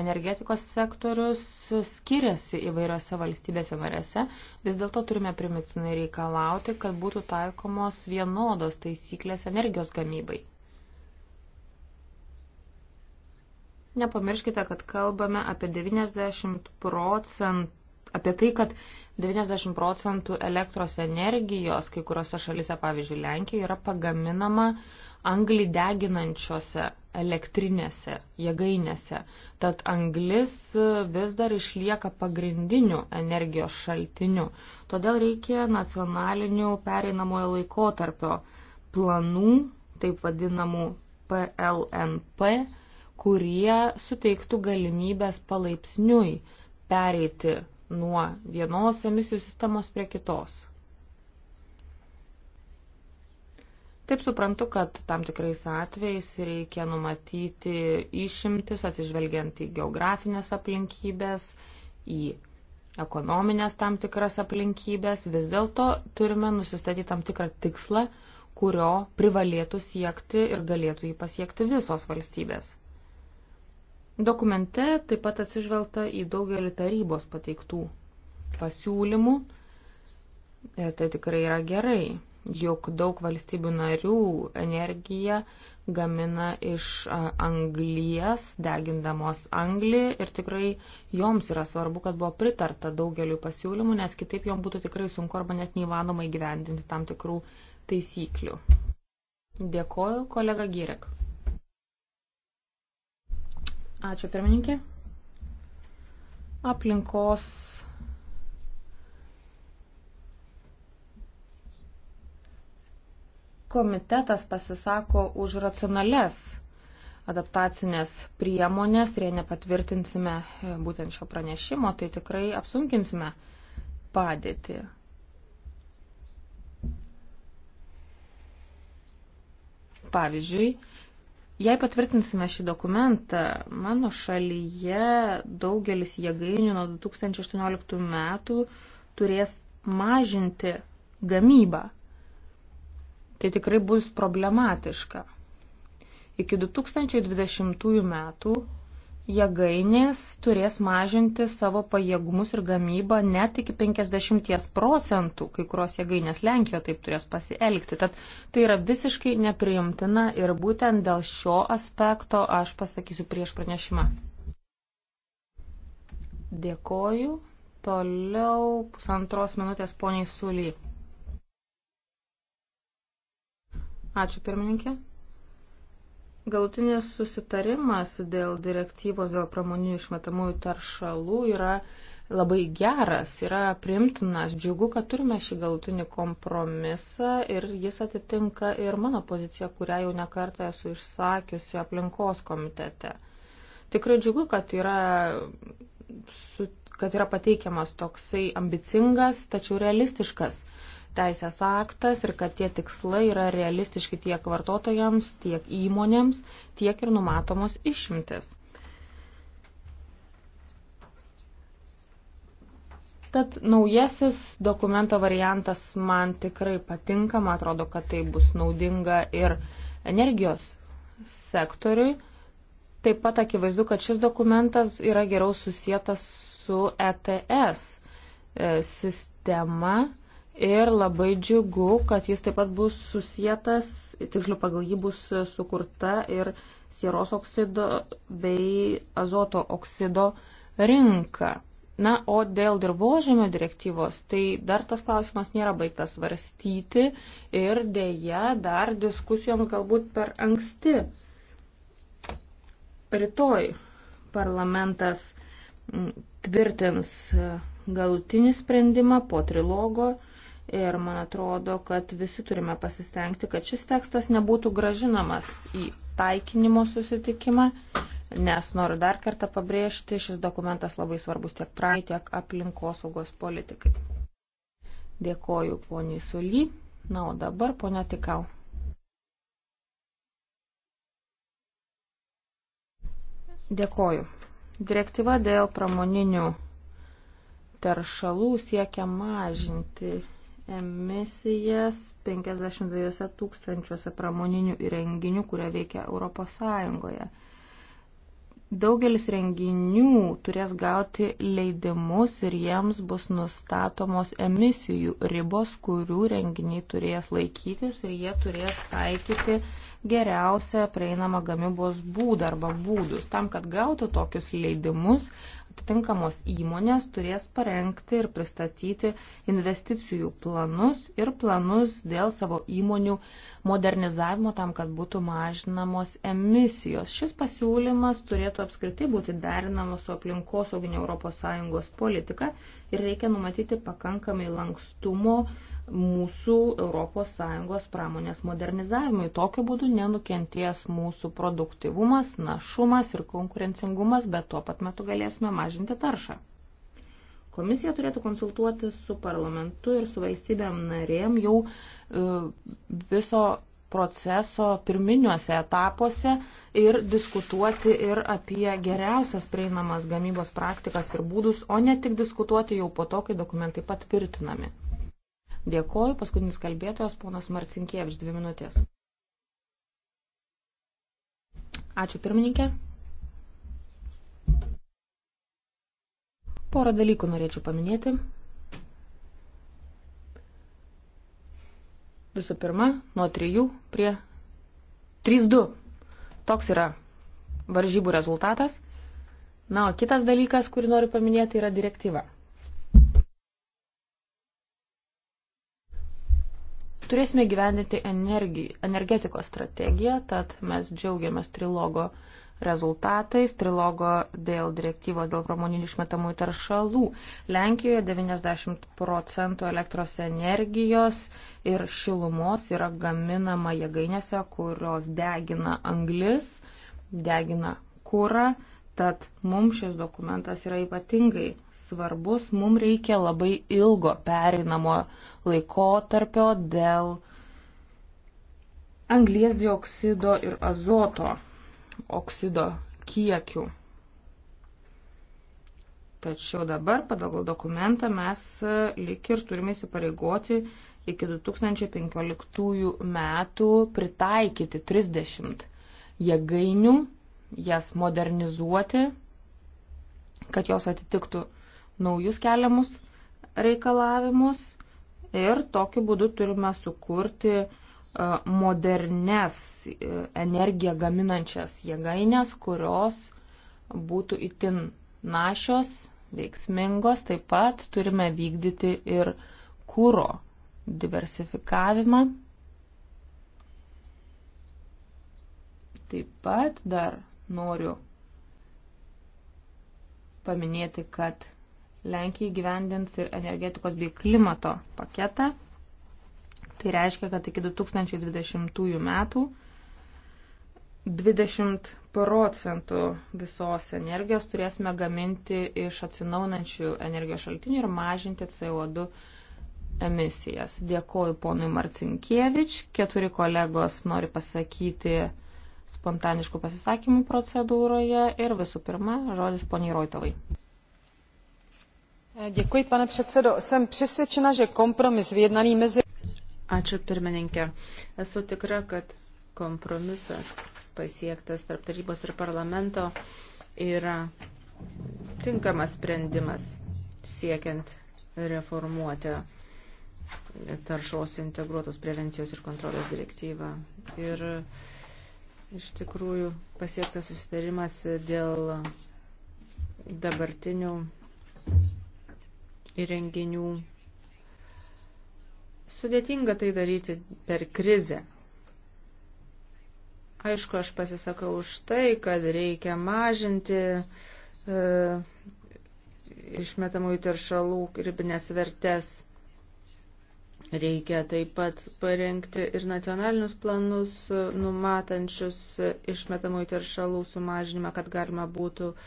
energetikos sektorius skiriasi įvairiose valstybėse narėse, vis dėlto turime primitinai reikalauti, kad būtų taikomos vienodos taisyklės energijos gamybai. Nepamirškite, kad kalbame apie 90 procentų, apie tai, kad 90 procentų elektros energijos kai kuriuose šalise, pavyzdžiui, Lenkijoje, yra pagaminama anglį deginančiose elektrinėse, jėgainėse. Tad anglis vis dar išlieka pagrindiniu energijos šaltiniu. Todėl reikia nacionalinių pereinamojo laikotarpio planų, taip vadinamų PLNP, kurie suteiktų galimybės palaipsniui pereiti nuo vienos emisijų sistemos prie kitos. Taip suprantu, kad tam tikrais atvejais reikia numatyti išimtis atsižvelgiant į geografinės aplinkybės, į ekonominės tam tikras aplinkybės. Vis dėlto turime nusistatyti tam tikrą tikslą, kurio privalėtų siekti ir galėtų jį pasiekti visos valstybės. Dokumente taip pat atsižvelgta į daugelį tarybos pateiktų pasiūlymų. Ir tai tikrai yra gerai jog daug valstybių narių energiją gamina iš anglijas, degindamos anglį ir tikrai joms yra svarbu, kad buvo pritarta daugeliu pasiūlymų, nes kitaip jom būtų tikrai sunku arba net neįmanoma įgyvendinti tam tikrų taisyklių. Dėkoju, kolega Gyrek. Ačiū, pirmininkė. Aplinkos komitetas pasisako už racionales adaptacinės priemonės ir jei nepatvirtinsime e, būtent šio pranešimo, tai tikrai apsunkinsime padėtį. Pavyzdžiui, jei patvirtinsime šį dokumentą, mano šalyje daugelis jėgainių nuo 2018 metų turės mažinti gamybą tai tikrai bus problematiška. Iki 2020 metų jėgainės turės mažinti savo pajėgumus ir gamybą net iki 50 procentų, kai kurios jėgainės Lenkijoje taip turės pasielgti. Tad tai yra visiškai nepriimtina ir būtent dėl šio aspekto aš pasakysiu prieš pranešimą. Dėkoju. Toliau pusantros minutės poniai Suly. Ačiū pirmininkė. Galutinis susitarimas dėl direktyvos dėl pramoninių išmetamųjų taršalų yra labai geras, yra primtinas. Džiugu, kad turime šį galutinį kompromisą ir jis atitinka ir mano poziciją, kurią jau nekartą esu išsakiusi aplinkos komitete. Tikrai džiugu, kad yra, su, kad yra pateikiamas toksai ambicingas, tačiau realistiškas teisės aktas ir kad tie tikslai yra realistiški tiek vartotojams, tiek įmonėms, tiek ir numatomos išimtis. Tad naujasis dokumento variantas man tikrai patinka, man atrodo, kad tai bus naudinga ir energijos sektoriui. Taip pat akivaizdu, kad šis dokumentas yra geriau susijęs su ETS e, sistema ir labai džiugu, kad jis taip pat bus susijęs, tiksliau pagal jį bus sukurta ir sieros oksido bei azoto oksido rinka. Na, o dėl dirbožėmio direktyvos, tai dar tas klausimas nėra baigtas varstyti ir dėja dar diskusijoms galbūt per anksti. Rytoj parlamentas mm, tvirtins e, galutinį sprendimą po trilogo ir man atrodo, kad visi turime pasistengti, kad šis tekstas nebūtų gražinamas į taikinimo susitikimą, nes noriu dar kartą pabrėžti, šis dokumentas labai svarbus tiek praeit, tiek aplinkosaugos politikai. Dėkoju poniai Suly. Na, o dabar ponia Tikau. Dėkoju. Direktyva dėl pramoninių teršalų siekia mažinti emisijas 52 tūkstančiuose pramoninių įrenginių, kurie veikia Europos Sąjungoje. Daugelis renginių turės gauti leidimus ir jiems bus nustatomos emisijų ribos, kurių renginiai turės laikytis ir jie turės taikyti geriausią prieinamą gamybos būdą arba būdus. Tam, kad gautų tokius leidimus, atitinkamos įmonės turės parengti ir pristatyti investicijų planus ir planus dėl savo įmonių modernizavimo tam, kad būtų mažinamos emisijos. Šis pasiūlymas turėtų apskritai būti derinamas su aplinkosauginė ES politika ir reikia numatyti pakankamai lankstumo mūsų ES pramonės modernizavimui. Tokiu būdu nenukenties mūsų produktivumas, našumas ir konkurencingumas, bet tuo pat metu galėsime mažinti taršą. Komisija turėtų konsultuoti su parlamentu ir su valstybėm narėm jau e, viso proceso pirminiuose etapuose ir diskutuoti ir apie geriausias prieinamas gamybos praktikas ir būdus, o ne tik diskutuoti jau po to, kai dokumentai patvirtinami. Dėkoju. Paskutinis kalbėtojas, ponas Marcinkievič, dvi minutės. Ačiū pirmininkė. Porą dalykų norėčiau paminėti. Visų pirma, nuo 3 prie 3-2. Toks yra varžybų rezultatas. Na, o kitas dalykas, kurį noriu paminėti, yra direktyva. turėsime gyvendinti energetikos strategiją, tad mes džiaugiamės trilogo rezultatais, trilogo dėl direktyvos dėl pramoninių išmetamų taršalų. Lenkijoje 90 procentų elektros energijos ir šilumos yra gaminama jėgainėse, kurios degina anglis, degina kūrą, tad mums šis dokumentas yra ypatingai svarbus, mums reikia labai ilgo pereinamo laikotarpio dėl anglies dioksido ir azoto oksido kiekių. Tačiau dabar pagal dokumentą mes e, lik ir turime įsipareigoti iki 2015 metų pritaikyti 30 jėgainių, jas modernizuoti, kad jos atitiktų naujus keliamus reikalavimus ir tokiu būdu turime sukurti e, modernes e, energiją gaminančias jėgainės, kurios būtų itin našios, veiksmingos. Taip pat turime vykdyti ir kūro diversifikavimą. Taip pat dar noriu paminėti, kad Lenkija gyvendins ir energetikos bei klimato paketą. Tai reiškia, kad iki 2020 metų 20 procentų visos energijos turėsime gaminti iš atsinaunančių energijos šaltinių ir mažinti CO2 emisijas. Dėkoju ponui Marcinkievič. Keturi kolegos nori pasakyti spontaniškų pasisakymų procedūroje. Ir visų pirma, žodis poniai Roitovai. Dėkui, pane předsedo. Jsem přesvědčena, že kompromis vyjednaný mezi. Ačiū pirmininkė. Esu tikra, kad kompromisas pasiektas tarp tarybos ir parlamento yra tinkamas sprendimas siekiant reformuoti taršos integruotos prevencijos ir kontrolės direktyvą. Ir iš tikrųjų pasiektas susitarimas dėl dabartinių įrenginių. Sudėtinga tai daryti per krizę. Aišku, aš pasisakau už tai, kad reikia mažinti e, išmetamųjų teršalų ribinės vertės. Reikia taip pat parengti ir nacionalinius planus e, numatančius e, išmetamųjų teršalų sumažinimą, kad galima būtų e,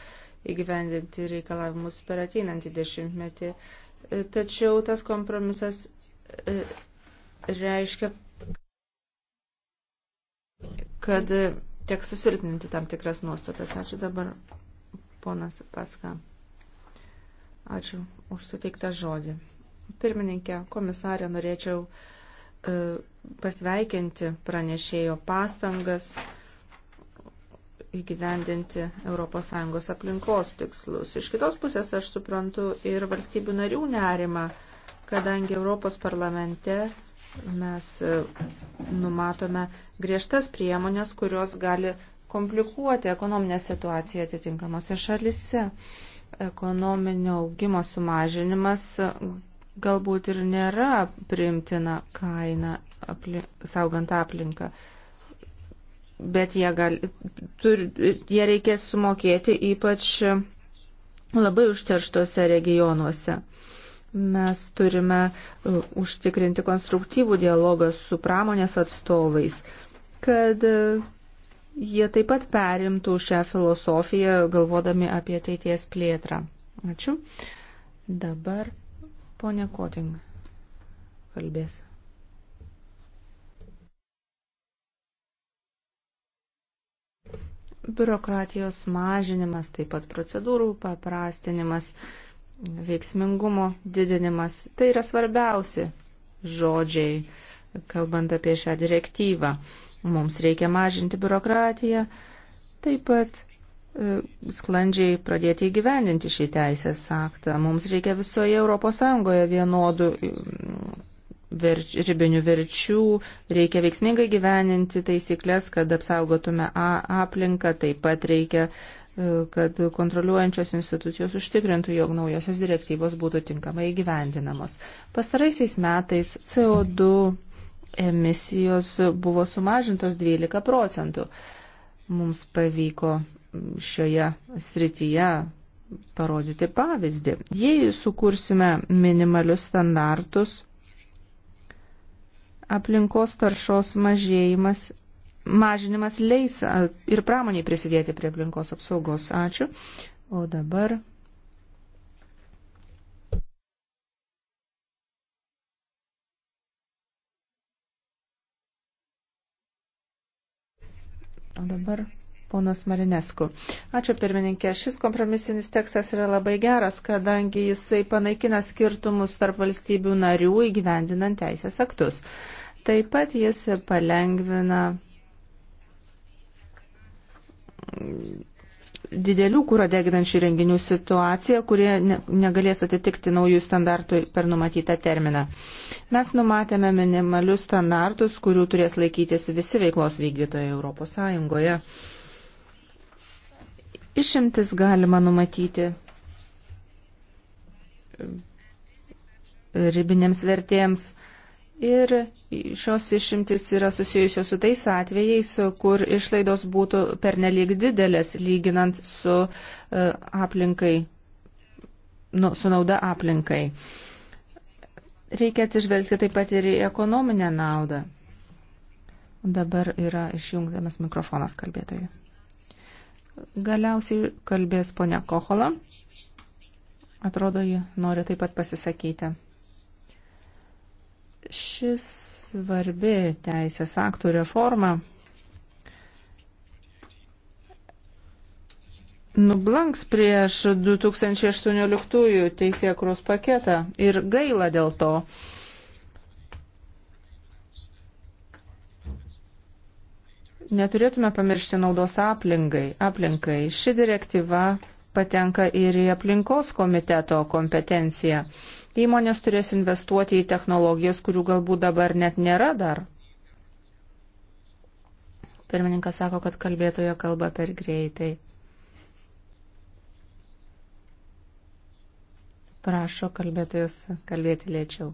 įgyvendinti reikalavimus per ateinantį dešimtmetį. E, tačiau tas kompromisas e, reiškia, kad e, tiek susilpninti tam tikras nuostatas. Ačiū dabar, ponas Paska. Ačiū už suteiktą žodį. Pirmininkė, komisarė, norėčiau pasveikinti pranešėjo pastangas įgyvendinti ES aplinkos tikslus. Iš kitos pusės aš suprantu ir valstybių narių nerimą, kadangi Europos parlamente mes e, numatome griežtas priemonės, kurios gali komplikuoti ekonominę situaciją atitinkamose šalise. Ekonominio augimo sumažinimas galbūt ir nėra priimtina kaina apli saugant aplinką bet jie, gali, tur, jie reikės sumokėti ypač labai užterštuose regionuose. Mes turime e, užtikrinti konstruktyvų dialogą su pramonės atstovais, kad e, jie taip pat perimtų šią filosofiją, galvodami apie ateities plėtrą. Ačiū. Dabar ponė Koting kalbės. biurokratijos mažinimas, taip pat procedūrų paprastinimas, veiksmingumo didinimas. Tai yra svarbiausi žodžiai, kalbant apie šią direktyvą. Mums reikia mažinti biurokratiją, taip pat e, sklandžiai pradėti įgyvendinti šį teisės aktą. Mums reikia visoje ES vienodų verč, ribinių verčių, reikia veiksmingai gyveninti taisyklės, kad apsaugotume a, aplinką, taip pat reikia, e, kad kontroliuojančios institucijos užtikrintų, jog naujosios direktyvos būtų tinkamai gyvendinamos. Pastaraisiais metais CO2 emisijos buvo sumažintos 12 procentų. Mums pavyko šioje srityje parodyti pavyzdį. Jei sukursime minimalius standartus, aplinkos taršos mažėjimas, mažinimas leis ir pramoniai prisidėti prie aplinkos apsaugos. Ačiū. O dabar. O dabar Ponas Marinesku. Ačiū pirmininkė. Šis kompromisinis tekstas yra labai geras, kadangi jisai panaikina skirtumus tarp valstybių narių įgyvendinant teisės aktus. Taip pat jis palengvina didelių kūro deginančių renginių situaciją, kurie negalės atitikti naujų standartų per numatytą terminą. Mes numatėme minimalius standartus, kurių turės laikytis visi veiklos vykdytojai Europos Sąjungoje. Išimtis galima numatyti ribinėms vertėms. Ir šios išimtis yra susijusios su tais atvejais, kur išlaidos būtų pernelyg didelės lyginant su e, aplinkai, nu, su nauda aplinkai. Reikia atsižvelgti taip pat ir į ekonominę naudą. Dabar yra išjungdamas mikrofonas kalbėtojui. Galiausiai kalbės ponia Kohola. Atrodo, ji nori taip pat pasisakyti. Šis svarbi teisės aktų reforma nublanks prieš 2018 teisėkros paketą ir gaila dėl to. neturėtume pamiršti naudos aplinkai. aplinkai. Ši direktyva patenka ir į aplinkos komiteto kompetenciją. Įmonės turės investuoti į technologijas, kurių galbūt dabar net nėra dar. Pirmininkas sako, kad kalbėtojo kalba per greitai. Prašo kalbėtojus kalbėti lėčiau.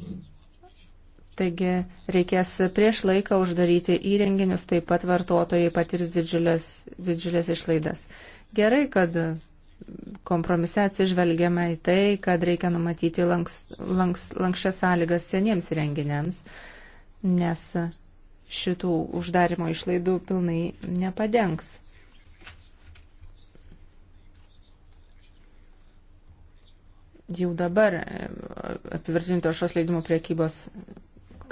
Mm. Taigi reikės prieš laiką uždaryti įrenginius, taip pat vartotojai patirs didžiulės, didžiulės išlaidas. Gerai, kad kompromise atsižvelgiame į tai, kad reikia numatyti lanks, lanks, lankščias sąlygas seniems renginiams, nes šitų uždarimo išlaidų pilnai nepadengs. Jau dabar e, apivirtinto šios leidimo priekybos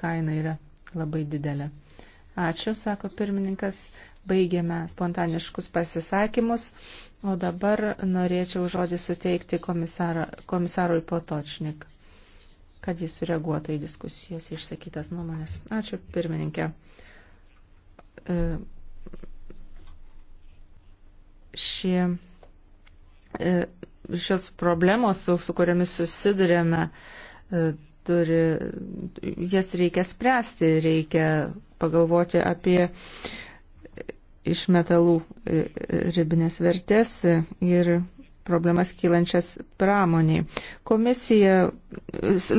kaina yra labai didelė. Ačiū, sako pirmininkas. Baigėme spontaniškus pasisakymus, o dabar norėčiau žodį suteikti komisara, komisarui Potočnik, kad jis sureaguotų į diskusijos išsakytas nuomonės. Ačiū, pirmininkė. E, šie, e, šios problemos, su, su kuriamis susidurėme, e, turi, jas reikia spręsti, reikia pagalvoti apie iš metalų e, ribinės vertės ir problemas kylančias pramoniai. Komisija,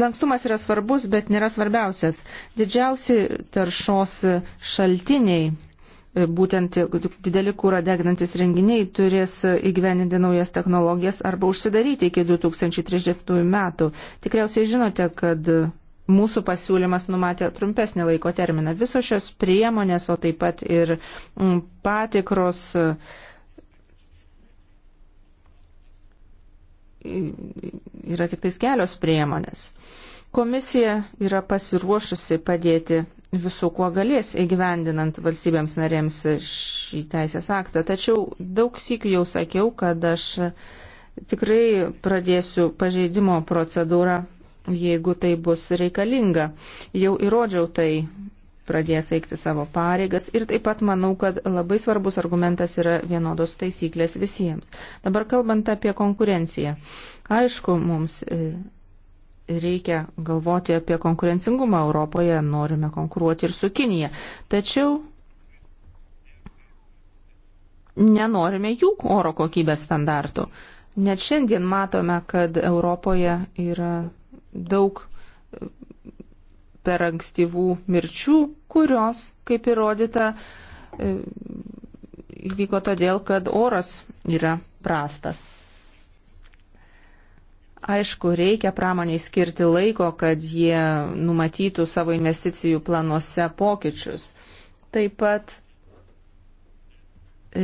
lankstumas yra svarbus, bet nėra svarbiausias. Didžiausi taršos šaltiniai būtent dideli kūro degnantis renginiai turės įgyveninti naujas technologijas arba užsidaryti iki 2030 metų. Tikriausiai žinote, kad mūsų pasiūlymas numatė trumpesnį laiko terminą. Visos šios priemonės, o taip pat ir mm, patikros yra tik tais kelios priemonės. Komisija yra pasiruošusi padėti visų, kuo galės įgyvendinant valstybėms narėms šį teisės aktą. Tačiau daug sykių jau sakiau, kad aš tikrai pradėsiu pažeidimo procedūrą, jeigu tai bus reikalinga. Jau įrodžiau tai pradės eikti savo pareigas ir taip pat manau, kad labai svarbus argumentas yra vienodos taisyklės visiems. Dabar kalbant apie konkurenciją. Aišku, mums e, reikia galvoti apie konkurencingumą Europoje, norime konkuruoti ir su Kinija. Tačiau nenorime jų oro kokybės standartų. Net šiandien matome, kad Europoje yra daug per ankstyvų mirčių, kurios, kaip įrodyta, e, įvyko todėl, kad oras yra prastas. Aišku, reikia pramoniai skirti laiko, kad jie numatytų savo investicijų planuose pokyčius. Taip pat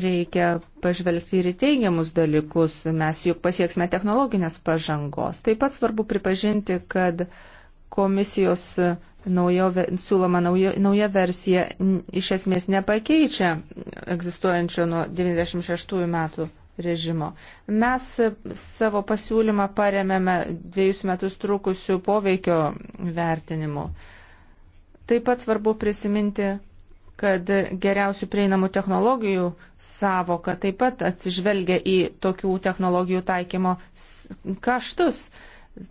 reikia pažvelgti ir į teigiamus dalykus. Mes juk pasieksime technologinės pažangos. Taip pat svarbu pripažinti, kad komisijos naujo, siūloma naujo, nauja versija iš esmės nepakeičia egzistuojančio nuo 96 metų režimo. Mes savo pasiūlymą paremėme dviejus metus trukusių poveikio vertinimu. Taip pat svarbu prisiminti, kad geriausių prieinamų technologijų savoka taip pat atsižvelgia į tokių technologijų taikymo kaštus.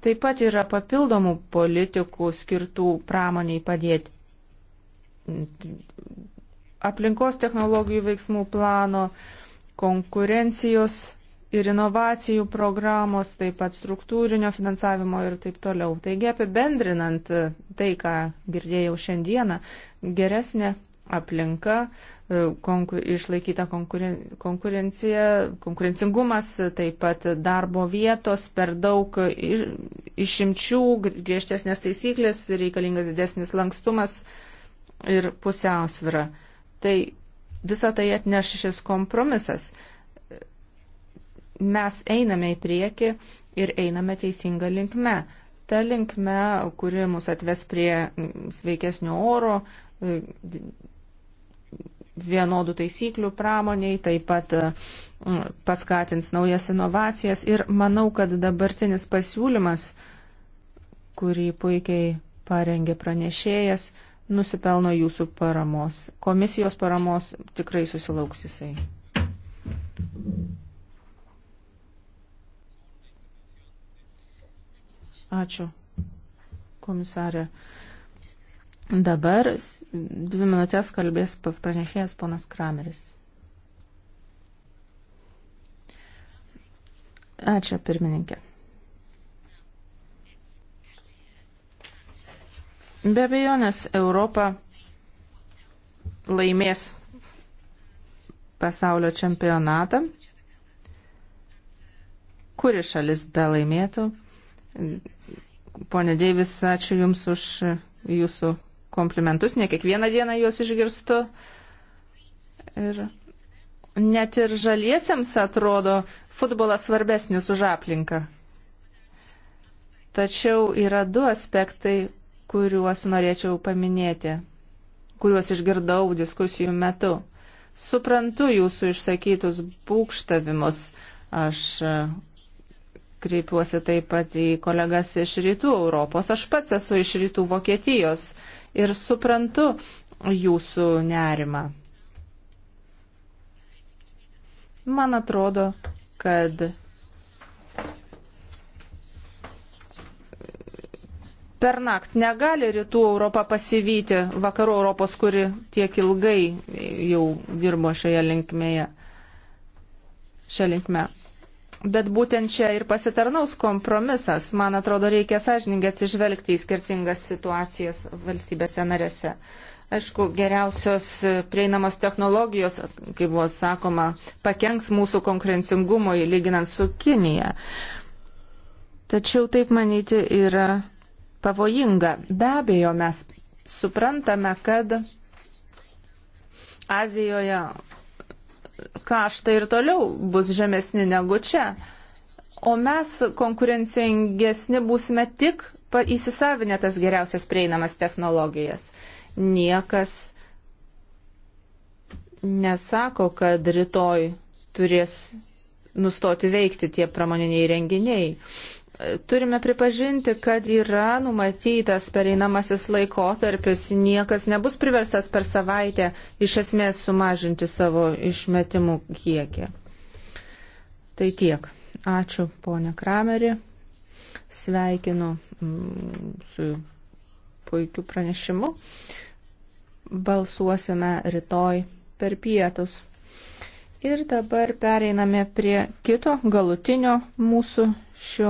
Taip pat yra papildomų politikų skirtų pramoniai padėti. Aplinkos technologijų veiksmų plano, uh, konkurencijos ir inovacijų programos, taip pat struktūrinio finansavimo ir taip toliau. Taigi apibendrinant tai, ką girdėjau šiandieną, geresnė aplinka, konkur, išlaikyta konkuren, konkurencija, konkurencingumas, taip pat darbo vietos, per daug iš, išimčių, griežtesnės taisyklės, reikalingas didesnis lankstumas ir pusiausvyra. Tai visą tai atneš šis kompromisas. Mes einame į priekį ir einame teisinga linkme. Ta linkme, kuri mus atves prie sveikesnio oro, vienodų taisyklių pramoniai, taip pat mm, paskatins naujas inovacijas. Ir manau, kad dabartinis pasiūlymas, kurį puikiai parengė pranešėjas, nusipelno jūsų paramos. Komisijos paramos tikrai susilauks jisai. Ačiū, komisarė. Dabar dvi minutės kalbės pranešėjas ponas Krameris. Ačiū, pirmininkė. Be abejonės Europa laimės pasaulio čempionatą. Kuri šalis be laimėtų? Pone Deivis, ačiū Jums už Jūsų komplimentus. Ne kiekvieną dieną juos išgirstu. Ir net ir žaliesiems atrodo futbolas svarbesnis už aplinką. Tačiau yra du aspektai, kuriuos norėčiau paminėti, kuriuos išgirdau diskusijų metu. Suprantu jūsų išsakytus būkštavimus. Aš e, kreipiuosi taip pat į kolegas iš rytų Europos. Aš pats esu iš rytų Vokietijos ir suprantu jūsų nerimą. Man atrodo, kad per nakt negali rytų Europą pasivyti vakarų Europos, kuri tiek ilgai jau dirbo šioje linkmėje. Šią linkmę. Bet būtent čia ir pasitarnaus kompromisas. Man atrodo, reikia sąžininkai atsižvelgti į skirtingas situacijas valstybėse narėse. Aišku, geriausios prieinamos technologijos, kaip buvo sakoma, pakenks mūsų konkurencingumui lyginant su Kinija. Tačiau taip manyti yra pavojinga. Be abejo, mes suprantame, kad Azijoje kaštai ir toliau bus žemesni negu čia, o mes konkurencingesni būsime tik įsisavinę tas geriausias prieinamas technologijas. Niekas nesako, kad rytoj turės nustoti veikti tie pramoniniai renginiai turime pripažinti, kad yra numatytas pereinamasis laikotarpis, niekas nebus priverstas per savaitę iš esmės sumažinti savo išmetimų kiekį. Tai tiek. Ačiū, ponė Krameri. Sveikinu mm, su puikiu pranešimu. Balsuosime rytoj per pietus. Ir dabar pereiname prie kito galutinio mūsų šio.